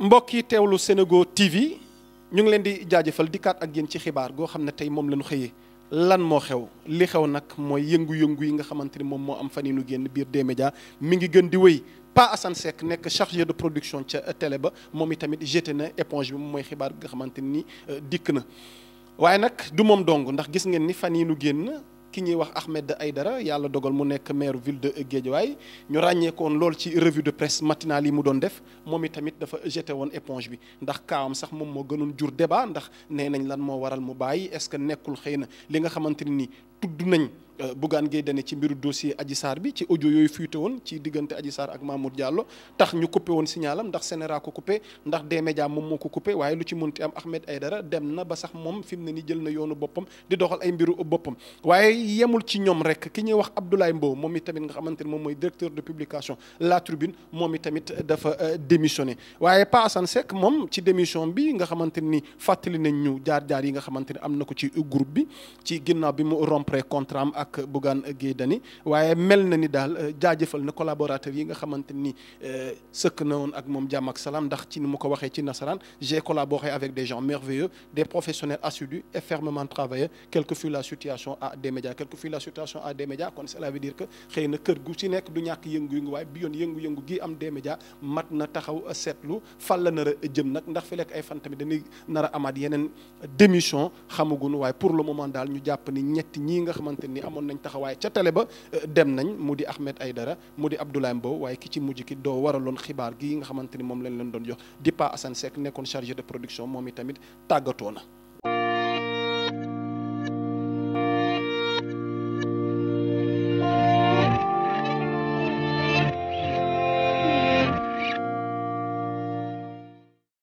mbokk yi teewlu Senego TV ñu ngi leen di jaajëfal dikkaat ak génn ci xibaar goo xam ne tey moom la ñu xëyee lan moo xew li xew nag mooy yëngu-yëngu yi nga xamante ni moom moo am fan yi nu génn biir D-Média mi ngi gën di wéy Pa Assane Seck nekk chargé de production ca télé ba moom itamit jeté na éponge bi mooy xibaar nga xamante ni euh, dikk na waaye nag du moom dong ndax gis ngeen ni fan yi nu génn ki ñuy wax Ahmed dara yàlla dogal mu nekk maire ville de waay ñu ràññeekoon lool ci revue de presse matinale yi mu doon def moom itamit dafa jeté woon éponge bi ndax kaawam sax moom moo gënoon jur débat ndax nee nañ lan moo waral mu bàyyi est-ce que nekkul xëy na li nga xamante ni tudd nañ euh, Bougane Gueye Dany ci mbiru dossier Adji Sarr bi ci audio yooyu fuité woon ci diggante Adji Sarr ak Mamour Diallo tax ñu coupé woon signalam ndax Sénéra ko ndax D-Media moom moo ko coupé waaye lu ci mënti am Ahmed Aïdara dem na ba sax moom fi mu ne ni jël na yoonu boppam di doxal ay mbiru boppam waaye yemul ci ñoom rek ki ñuy wax Abdoulaye Mbow moom i tamit nga xamante ne moom mooy directeur de publication La Tribune moom i tamit dafa euh, démissionné waaye Pa Assane moom ci démission bi nga xamante ni fàttali nañ ñu jaar-jaar yi nga xamante ne am na ko ci groupe bi ci ginnaaw bi mu romp après contrat am ak Bougane Gueye Dany waaye mel na ni daal euh, jaajëfal na collaborateur yi nga xamante ni euh, sëkk na woon ak moom jàmm ak salaam ndax ci ni mu ko waxee ci nasaraan j'ai collaboré avec des gens merveilleux des professionnels assidus et fermement travailleurs quelle que fût la situation à des médias quelle que fût la situation a des médias kon cela veut dire que xëy na kër gu ci nekk du ñàkk yëngu-yëngu gi am des mat na taxaw seetlu fan la jëm nag ndax fi lekk ay fan tamit dañuy nar a amaat yeneen démission xamaguñu waaye pour le moment daal ñu jàpp ñii nga xamante ni amoon nañ taxawaay ca tale ba euh, dem nañ mu di ay dara mu di Abdoulaye Mbow waaye ki ci mujj ki doo waraloon xibaar gii nga xamante ni moom lañ leen doon jox di Pa Assane Seck nekkoon chargé de production moom i tamit tàggatoo na